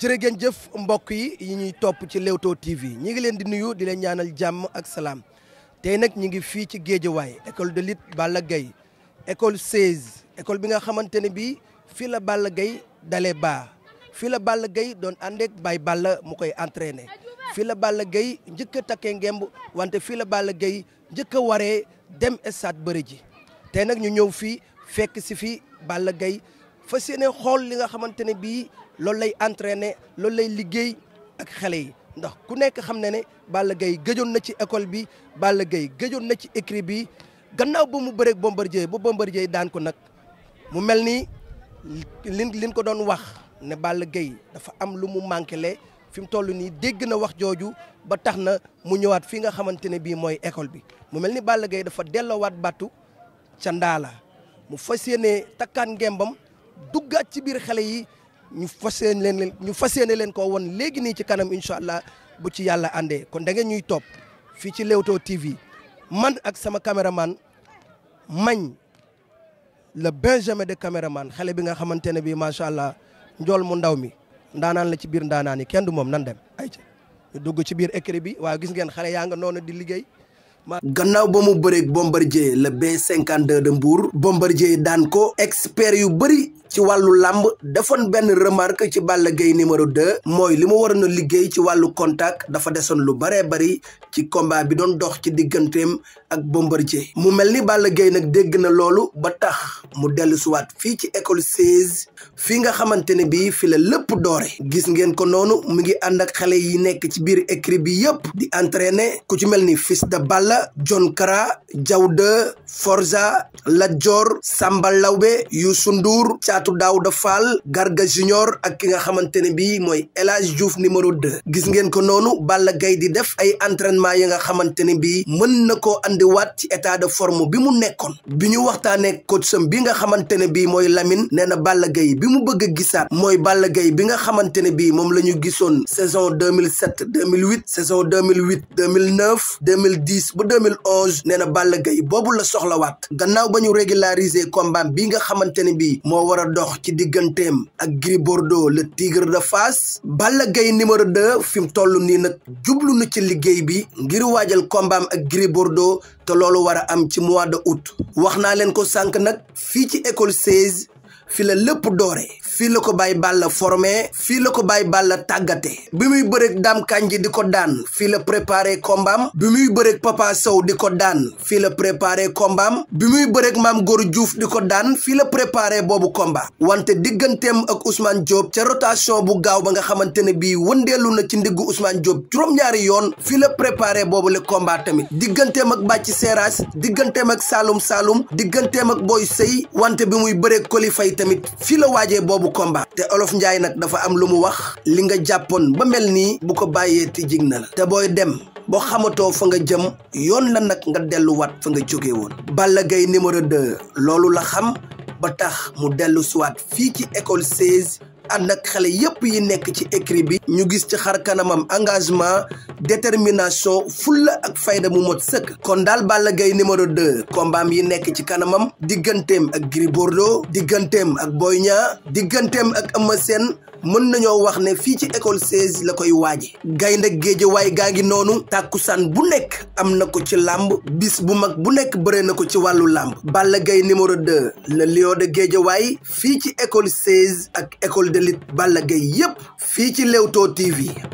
jërë ngeen jëf mbokk yi yi ñuy topp ci Leewtoo TV ñi ngi leen di nuyu di leen ñaanal jàmm ak salaam tey nag ñi ngi fii ci Géejawaay école de lutte Balla Gaye école 16 école bi nga xamante ne bii fii la Balla Gaye dale baa fii la Balla Gaye doon àndeek bay Balla mu koy entraîné fii la Balla Gaye njëkk a takkee ngemb wante fii la Balla Gaye njëkk a waree dem stade bëri ji tey nag ñu ñëw fii fekk si fii Balla Gaye fas yéene xool li nga xamante ne bii loolu lay entraîner loolu lay liggéey ak xale yi ndax ku nekk xam ne ne Balla Gaye gëjoon na ci école bi Balla Gaye gëjoon na ci écrit bi gannaaw ba mu bëreeg Bombardier ba Bombardier daan ko nag mu mel ni lin liñ ko doon wax ne Balla Gaye dafa am lu mu manqué le fi mu toll nii dégg na wax jooju ba tax na mu ñëwaat fi nga xamante ne bii mooy école bi mu mel ni Balla Gaye dafa delloowaat battu ca la mu fas yéene takkaan ngembam duggaat ci biir xale yi ñu fas yéene leen ñu fas yéene leen koo won léegi nii ci kanam incha allah bu ci yàlla àndee kon da ñuy topp fii ci Leewtoo TV man ak sama caméraman mañ le benjamin de caméraman xale bi nga xamante ne bii macha allah njool mu ndaw mi ndaanaan la ci biir ndaanaan yi kenn du moom nan dem ay ca ñu dugg ci biir écrit bi waaw gis ngeen xale yaa nga noonu di liggéey gannaaw ba mu bëreeg Bombardier le B52 de Mbour Bombardier daan ko expert yu bëri ci wàllu làmb defoon benn remarque ci Balla Gaye numéro 2 mooy li ma waroon a liggéey ci wàllu contact dafa desoon lu bëree bëri ci combat bi doon dox ci digganteem ak Bombardier mu mel ni Balla Gaye nag dégg na loolu ba tax mu dellu suwaat fii ci école 16 fii nga xamante ne bii fi la lépp doore gis ngeen ko noonu mu ngi ànd ak xale yi nekk ci biir écrit bi yëpp di ku ci mel ni fils la John Kara Jawde Forza Lat Dior Samba Lawbe Youssou Ndour Thiatou Daouda Fall Garga Junior ak ki nga xamante ne bii mooy elage Hadj Diouf numéro gis ngeen ko noonu Balla gay di def ay entraînement yi nga xamante ne bii mën na koo waat ci état de forme bi mu nekkoon bi ñu waxtaanee coach sam bi nga xamante ne bii mooy Lamine nee na Balla Gaye bi mu bëgg a gisaat mooy Balla Gaye bi nga xamante ne bii moom la ñu gisoon saison 2007 2008 saison 2008 2009 2010 ba 2011 nee na Balla boobu la soxlawaat gannaaw ba ñu régulariser combat bi nga xamante ne bii moo war a dox ci digganteem ak Gris Bordeaux le tigre de Fass Balla Gaye numéro 2 fi mu toll nii nag jublu na ci liggéey bi ngir waajal combat ak Gris Bordeaux te loolu war a am ci mois de août wax naa leen ko sànq nag fii ci école 16 fi la lépp doore fii la ko Baye Balla formé fii la ko Baye la tàggate bi muy bëreeg Dame Kandji di ko daan fii la préparé kombaam bi muy bëreeg Papa di ko daan fii la préparé kombaam bi muy bëreek Maam Góor Diouf di ko daan fii la préparé boobu combat wante digganteem ak Ousmane Diop ca rotation bu gaaw ba nga xamante ne bii wëndeelu na ci ndiggu usmaan Diop juróom-ñaari yoon fii la préparé boobu la combat tamit digganteem ak Bàcci Seeraas digganteem ak Saloum saalum digganteem ak Boy Sey wante bi muy bëreeg Koli Faye tamit boobu combat te olof njaay nag dafa am lu mu wax li nga jàppoon ba mel nii bu ko bàyyee ti jig na la te booy dem boo xamatoo fa nga jëm yoon la nag nga delluwaat fa nga jóge woon Balla gay numéro 2 loolu la xam ba tax mu dellu siwaat fii ci école 16 ànd ak xale yëpp yi nekk ci écrit bi ñu gis ci xar kanamam engagement détermination fulla ak fayda mu mot sëkk kon daal Balla gay numéro de kombaam yi nekk ci kanamam digganteem ak Gris Bordeaux digganteem ak Boy Niang digganteem ak Eumeu mën nañoo wax ne fii ci école 16 la koy waaje gaynde géejawaay gaa ngi noonu tàkkusaan bu nekk am na ko ci làmb bis bu mag bu nekk bëre na ko ci wàllu làmb Balla Gaye numéro 2 le lion de géejawaay fii ci école 16 ak école de lutte Balla Gaye yépp fii ci Leewtoo TV